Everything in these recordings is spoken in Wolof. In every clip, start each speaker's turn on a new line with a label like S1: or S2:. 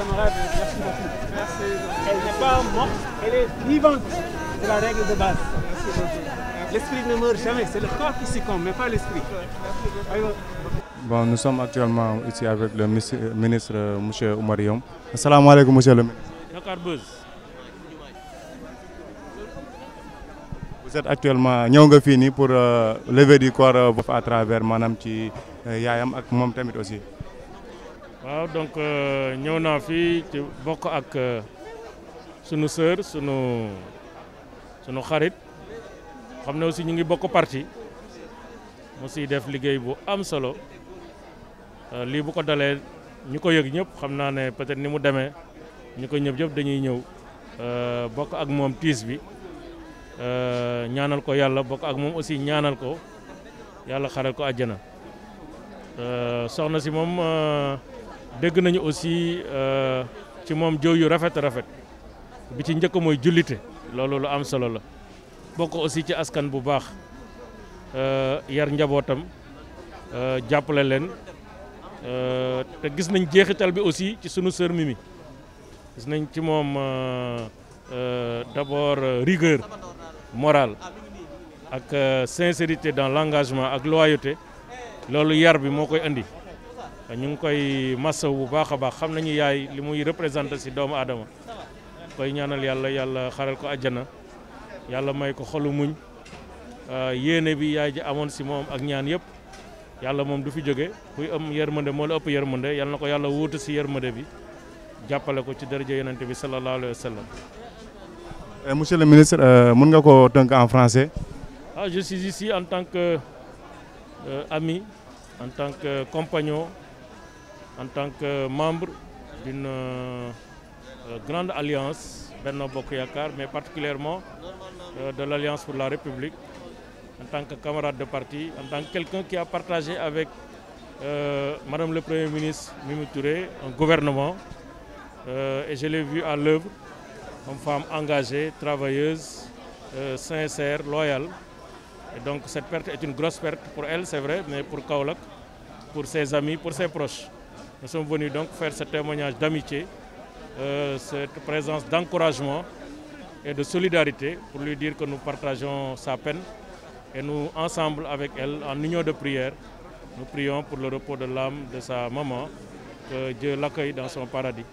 S1: camarade, merci beaucoup. Merci. Elle n'est pas morte, elle est vivante. C'est la règle de base. Merci beaucoup. L'esprit ne meurt jamais, c'est le corps qui succombe, mais pas l'esprit.
S2: Bon, nous sommes actuellement ici avec le ministre monsieur Oumar Youm. Assalamu alaikum monsieur le ministre. Dakar Buzz. Vous êtes actuellement ñëw nga fii nii pour euh, lever du corps euh, à travers maanaam ci euh, yaayam ak moom tamit aussi.
S3: waaw donc euh, ñëw naa fii ci bokk ak euh, sunu sœur sunu sunu xarit xam ne aussi ñu ngi bokk parti mu siy def liggéey bu am solo euh, lii bu ko dalee ñu ko yëg ñëpp xam naa ne peut-être ni mu demee ñu ko ñëpp ñëpp dañuy ñëw bokk ak moom tiis bi ñaanal ko yàlla bokk ak moom aussi ñaanal ko yàlla xaral ko àjjana soxna si moom. dégg nañu aussi euh, ci moom jëw yu rafet rafet bi ci njëkk mooy jullite loolu lu am solo la bokk aussi ci askan bu baax euh, yar njabootam euh, jàppale leen te gis nañ jeexital bi aussi ci sunu sœur mi gis nañ ci moom d'abord rigueur morale ak sincérité dans l'engagement ak loyauté loolu yar bi moo koy indi ñu ngi koy masaw bu baax a baax xam nañu yaay li muy représenté si doomu aadama koy ñaanal yàlla yàlla xaral ko àjjana yàlla may ko xolu muñ euh, yéene bi yaay ji amoon si moom ak ñaan yëpp yàlla moom du fi jóge kuy am yërmande moo la ëpp yërmande yàlla na ko yàlla wuutu si yërmande bi jàppale ko ci daraja yonente bi sallallahu alayhi wa
S1: euh,
S2: le ministre euh, mën nga ko tënk en français
S3: ah je suis en tant que ami en tant que compagnon en tant que membre d'une euh, grande alliance Benno Bokk Yaakaar mais particulièrement euh, de l'Alliance pour la République en tant que camarade de parti en tant que quelqu'un qui a partagé avec euh, Madame le Premier ministre Mimi Touré un gouvernement euh, et je l'ai vu à l'œuvre comme femme travailleuse euh, sincère loyale et donc cette perte est une grosse perte pour elle c'est vrai mais pour Kaolack pour ses amis pour ses proches Nous sommes venus donc faire ce témoignage d'amitié, euh, cette présence d'encouragement et de solidarité pour lui dire que nous partageons sa peine et nous, ensemble avec elle, en union de prière, nous prions pour le repos de l'âme de sa maman, que Dieu l'accueille dans son paradis.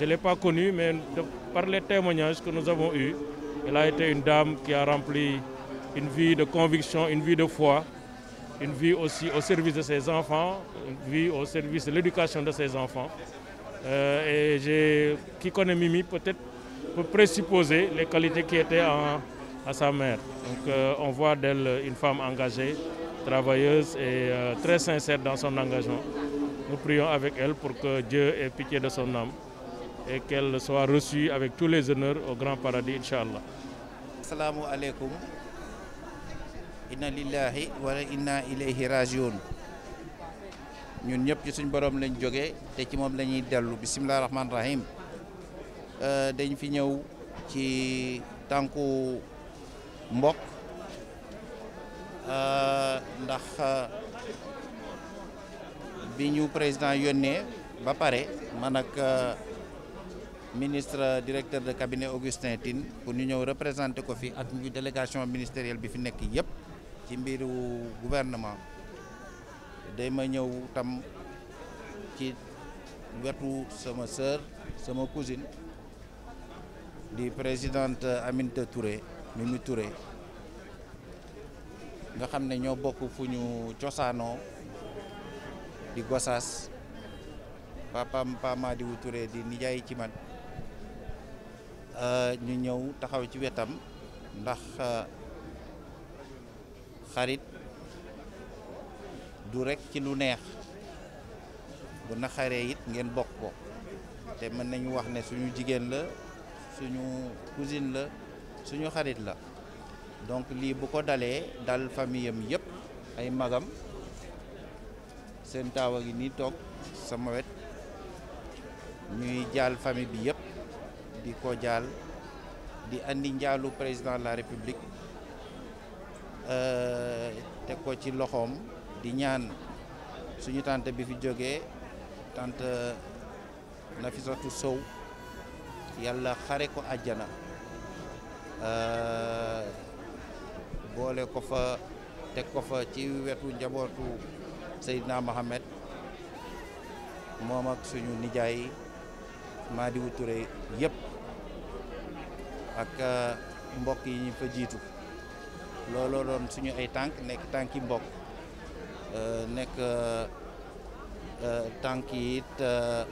S3: Je l'ai pas connue, mais de, par les témoignages que nous avons eus, elle a été une dame qui a rempli une vie de conviction, une vie de foi, une vie aussi au service de ses enfants, une vie au service de l'éducation de ses enfants. Euh, et qui connaît Mimi peut-être peut présupposer les qualités qui étaient en, à sa mère. Donc euh, on voit d'elle une femme engagée, travailleuse et euh, très sincère dans son engagement. Nous prions avec elle pour que Dieu ait pitié de son âme et qu'elle soit reçue avec tous les honneurs au grand paradis, Inch'Allah.
S4: Assalamu alaikum. inna lillahi wala inna ilayhi rajiun ñun ñëpp ci suñ boroom lañu jógee te ci moom la ñuy dellu bisimilah rahmaani rahim euh, dañ fi ñëw ci tànku mbokk euh, ndax euh, bi ñu président yónnee ba pare man ak ministre directeur de cabinet Augustin Tine pour ñu ñëw représenté ko fi ak ñu délégation ministérielle bi fi nekk yëpp ci mbiru gouvernement day ma ñëw tam ci wetu sama sœur sama cousine di présidente Aminata Touré Mimi Touré nga xam ne ñoo bokk fu ñu cosaanoo di Gossas papam Pamadiou Touré di nijaay ci man euh, ñu ñëw taxaw ci wetam ndax euh, xarit du rek ci lu neex bu naxaree it ngeen bokk ko te mën nañu wax ne suñu jigéen la suñu cousine la suñu xarit la donc lii bu ko dalee dal famille am yëpp ay magam seen taawa gi ni toog sama wet ñuy jaal famille bi yëpp di ko jaal di indi njaalu président la république Euh, teg ko ci loxoom di ñaan suñu tànt bi fi jógee tante Nafisatu Sow yàlla xare ko àjjana euh, boole ko fa teg ko fa ci wetu njabootu Seydina Mohamed moom suñu nijaay Madiou Touré yëpp ak euh, mbokk yi ñu fa jiitu looloo suñu ay tànk nekk tànki mbokk euh, nekk euh, tànki it euh,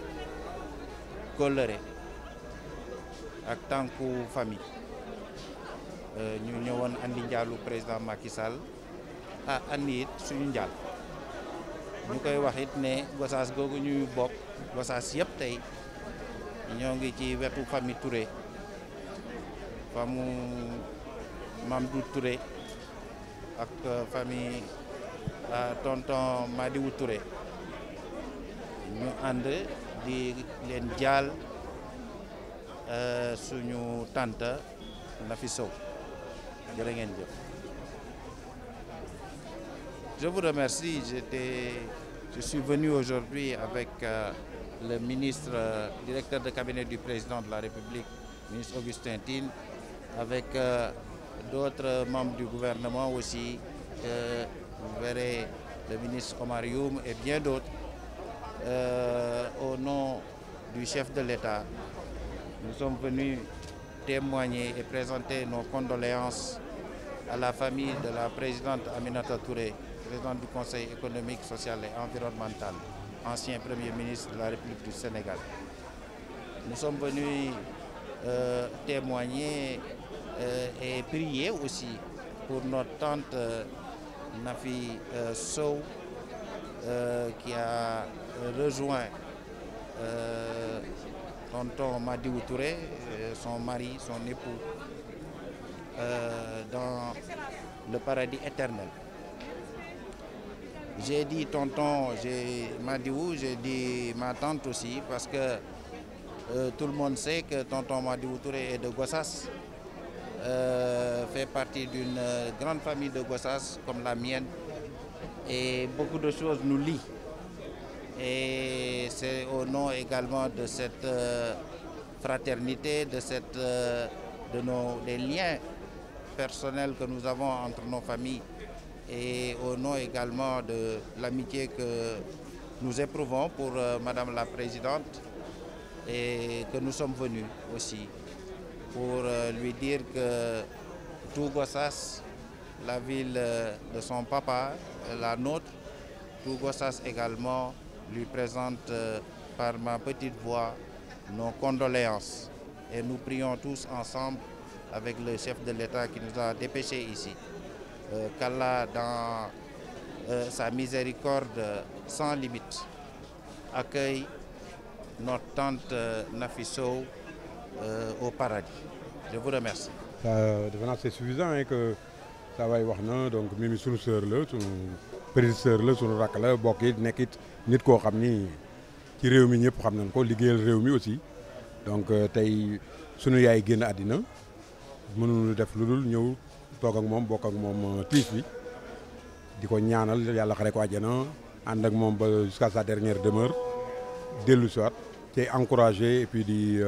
S4: kóllëre ak tànku famille ñu ñëwoon andi njaalu président Macky Sall ah andi suñu njaal ñu koy wax it ne Gossas googu ñuy bokk Gossas yëpp tey ñoo ngi ci wetu famille Touré famu Mamadou Touré ak euh, famille tonton Madiou Touré ñu ànd di leen euh, suñu tante Nafi ngeen jëf je vous remercie j'étais je suis venu aujourd'hui avec euh, le ministre euh, directeur de cabinet du président de la République ministre Augustin Tine avec euh, d'autres membres du gouvernement aussi, euh, vous verrez le ministre Omar Youm et bien d'autres, euh, au nom du chef de l'État, nous sommes venus témoigner et présenter nos condoléances à la famille de la présidente Aminata Touré, présidente du Conseil économique, social et environnemental, ancien Premier ministre de la République du Sénégal. Nous sommes venus euh, témoigner Euh, et prier aussi pour notre tante euh, Nafi euh, Sow qui a rejoint tonton Madiou Touré, son mari, son époux, euh, dans le paradis éternel. J'ai dit tonton, j'ai Madiou, j'ai dit ma tante aussi, parce que euh, tout le monde sait que tonton Madiou Touré est de Gossas. euh, fait partie d'une euh, grande famille de Gossas comme la mienne et beaucoup de choses nous lient. Et c'est au nom également de cette euh, fraternité, de, cette, euh, de nos, des liens personnels que nous avons entre nos familles et au nom également de l'amitié que nous éprouvons pour euh, Madame la Présidente et que nous sommes venus aussi. pour euh, lui dire que tout Gossas, la ville euh, de son papa, euh, la nôtre, tout Gossas également, lui présente par ma petite voix nos condoléances. Et nous prions tous ensemble avec le chef de l'État qui nous a dépêchés ici. Euh, qu'Allah, dans euh, sa miséricorde sans limite, accueille notre tante euh, Nafiso Euh, au paradis je vous remercie.
S1: Euh, defe naa suffisant hein, que saa waay wax na donc mii sunu sœur la sunu prédisseur la sunu rakk la bokk it nekk it nit koo xam ni ci réew mi ñëpp xam nañ ko liggéeyal réew mi aussi donc euh, tey sunu yaay génn àddina mënuñu def lu dul ñëw toog ak moom bokk ak moom tiis bi di ko ñaanal yàlla xare ko àjjana ànd ak moom ba jusqu'à sa dernière demeure dellu si waat te encouragé et puis di.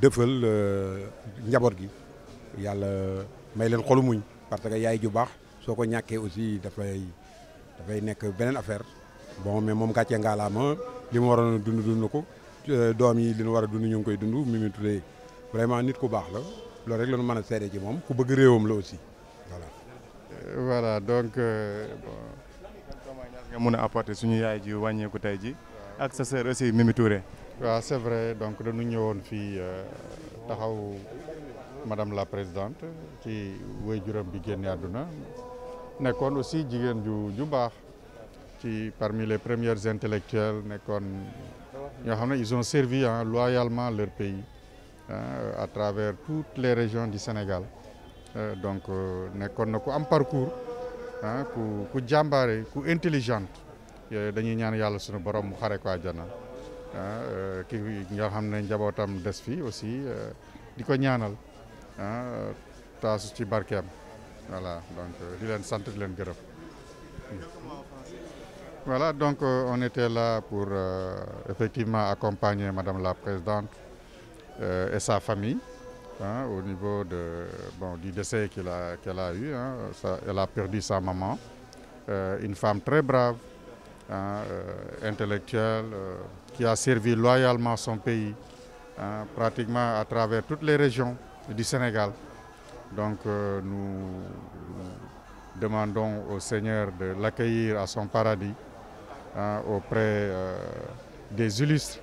S1: dëfal euh, njaboot gi yàlla may leen xolu muñ parce que yaay ju baax soo ko ñàkkee aussi dafay dafay nekk beneen affaire bon mais moom gàccee ngaalaama li mu waroon a dund dund ko euh, doom yi li ñu war a dund ñu ngi koy dund Mimi Touré vraiment nit ku baax la loolu rek la mën a seede ci moom ku bëgg réewam la aussi voilà.
S2: Euh, voilà donc bon. nga mun a apporter suñu yaay ji wàññeeku tey ji ak sa sœur aussi Mimi Touré. waaw c'est vrai donc dañu ñëwoon fii euh, taxaw madame la présidente ci waajuram bi génne àdduna nekkoon aussi jigéen ju ju baax ci parmi les premières intellectuelles nekkoon ñoo xam ne ils ont servi hein, loyalement leur pays hein, euh, à travers toutes les régions di Sénégal euh, donc nekkoon na ku am parcours ah ku ku jàmbaare ku intelligente dañuy ñaan yàlla sunu borom mu xare ko àjjana ah euh, ki nga xam ne njabootam des fi aussi euh, di ko ñaanal ah taasu ci barkeem voilà donc euh, di leen sant di leen gërëm. Hmm. Voilà, donc euh, on était là pour euh, effectivement accompagner Madame la Présidente e et sa famille a au niveau de, bon, du décès qu'elle a, qu'elle a eu. Hein, ça, elle a perdu sa maman, une femme très brave, intellectuelle. qui a servi loyalement son pays pratiquement à travers toutes les régions du Sénégal. Donc euh, nous, nous demandons au Seigneur de l'accueillir à son paradis auprès euh, des illustres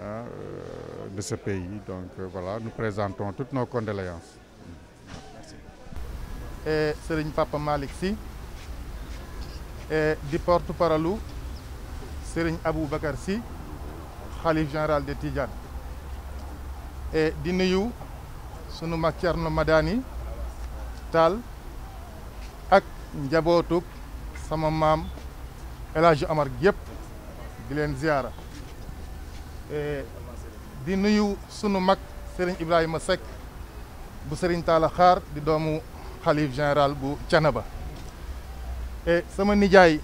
S2: hein, euh, de ce pays. Donc euh, voilà, nous présentons toutes nos condoléances.
S5: Serigne Papa Malick Sy di porte-parole Serigne Abou Bakar xalif général de Tidiane et di nuyu sunu mag Cerno Madani Tall ak njabootug sama maam El Hadj Amar yëpp di leen ziyaara di nuyu sunu mag Serigne Ibrahima Seck bu Serigne Talla Xaar di doomu xalif général bu Canaba et sama nijaay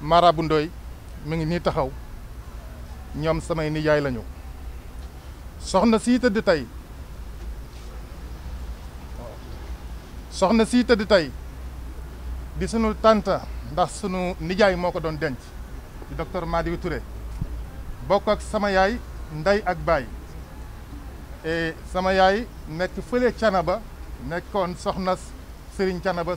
S5: Mara bu Ndoy mi ngi nii taxaw ñoom samay nijaay lañu soxna sii tëdd tey soxna sii tëdd tey di sunu tànta ndax sunu nijaay moo ko doon denc di docteur Madiou Touré bokk ak sama yaay ndey ak baay e sama yaay nekk fële ba nekkoon soxna sëriñ cana ba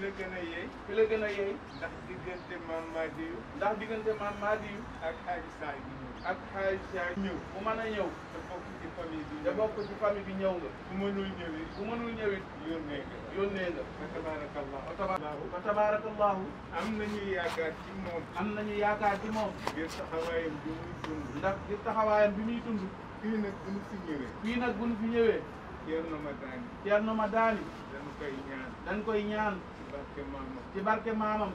S1: la gën a yey ki la gën a yey ndax diggante maam Madiou ndax diggante maam Madiou ak Xaaji Saa yi ak Xaaji Saa ñëw bu mën a ñëw te bokk ci famille bi te ci famille bi ñëw nga bu mënul ñëwit bu mënul ñëwit yónnee nga yónnee nga fa tabaarakallahu fa tabaarakallahu am nañu yaakaar ci moom am nañu yaakaar ci moom ngir taxawaayam bi muy dund ndax ngir taxawaayam bi muy dund fii nag bu ñu fi ñëwee fii nag bu ñu fi ñëwee Ceerno Madani Ceerno Madani dañ koy ñaan dañ koy ñaan barke maamam ci barke maamam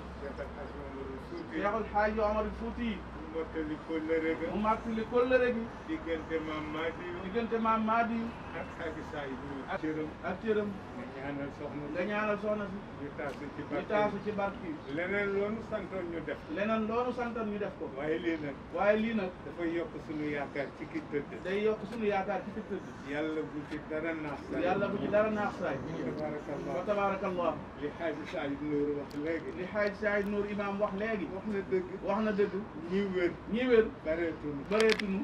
S1: Seexul Xaaji Omar Fuuti mu mottali kóllëre gi mu mottali kóllëre gi diggante maam Maadi diggante maam Maadi ak xaaju saa yi ñu. ak cëram ak cëram. nga ñaanal soxna si nga ñaanal soxna si. ñu taasu ci barke ñu taasu ci barke yi. leneen loonu santoon ñu def. leneen loonu santoon ñu def ko. waaye lii nag. waaye lii nag. dafay yokk suñu yaakaar ci ki tëdd. day yokk suñu yaakaar ci ki tëdd. yàlla bu ci dara naax saay. yàlla bu ci dara naax saay. tabaarakallah li xaaju Saïd Nour wax léegi. li xaaju Saïd Nour imaam wax léegi. wax na dëgg. wax na dëgg. ñi wér. ñi wér. bareetunu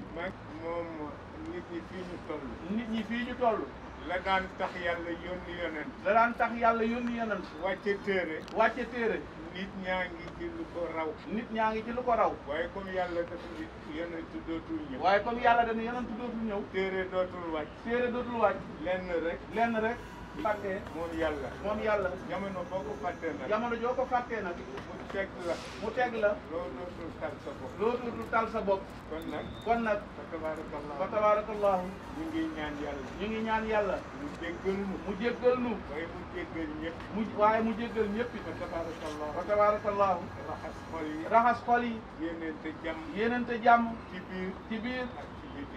S1: moom nit ñi fii ñu toll. nit ñi fii ñu toll. la daan tax yàlla yónni yonent. la daan tax yàlla yónni yonent. wàcce téere. wàcce téere. nit ñaa ngi ci lu ko raw. nit ñaa ngi ci lu ko raw. waaye comme yàlla dafa nit yonent dootul ñëw. waaye comme yàlla dañu yonent dootul ñëw. téere dootul wàcc. téere dootul wàcc. lenn rek. lenn rek. fàttee moom yàlla. moom yàlla. jamono boo ko fàttee nag. jamono joo ko fàttee nag. mu teg la. mu teg la. loo dootul tal sa bopp. loo dootul tal sa bopp. kon nag kon nag. tabaarakallah fa tabaarakallah ñu ngi ñaan yàlla ñu ngi ñaan yàlla mu jéggal nu mu jéggal nu waaye mu jéggal ñëpp mu waaye mu jéggal ñëpp fa tabaarakallah fa tabaarakallah raxas xol yi raxas xol yi yéenante jàmm yéenante jàmm ci biir ci biir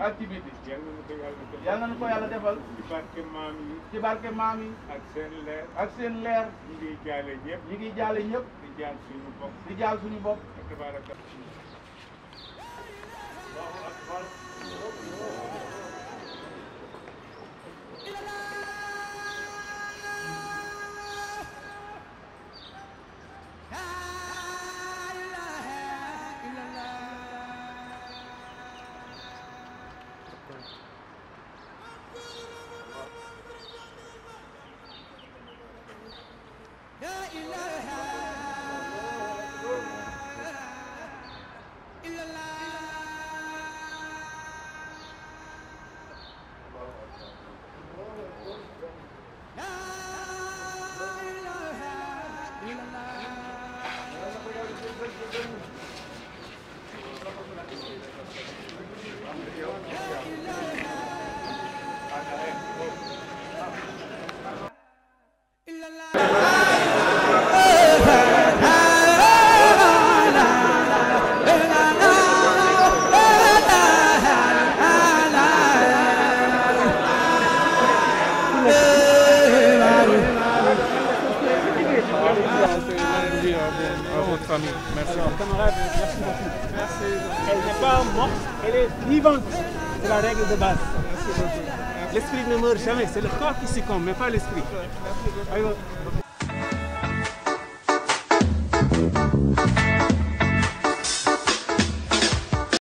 S1: ak ci biti yàlla na ko yàlla defal ci barke maam yi ci barke maam yi ak seen leer ak seen leer ñu ngi jaale ñëpp ñu ngi jaale ñëpp di jaal suñu bopp di jaal suñu bopp tabaarakallah
S3: Allahu akbar
S1: famille. Merci. Alors, camarade, merci beaucoup. Merci. Elle la règle de base. L'esprit ne meurt jamais, c'est le corps qui succombe, mais pas l'esprit.